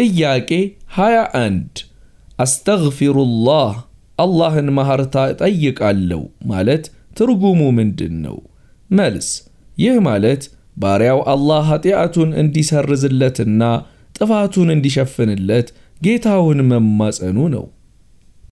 ጥያቄ 21 አስተግፊሩላህ አላህን ማህርታ እጠይቃለሁ ማለት ትርጉሙ ምንድን ነው? መልስ ይህ ማለት ባሪያው አላህ ኃጢአቱን እንዲሰርዝለትና ጥፋቱን እንዲሸፍንለት ጌታውን መማጸኑ ነው።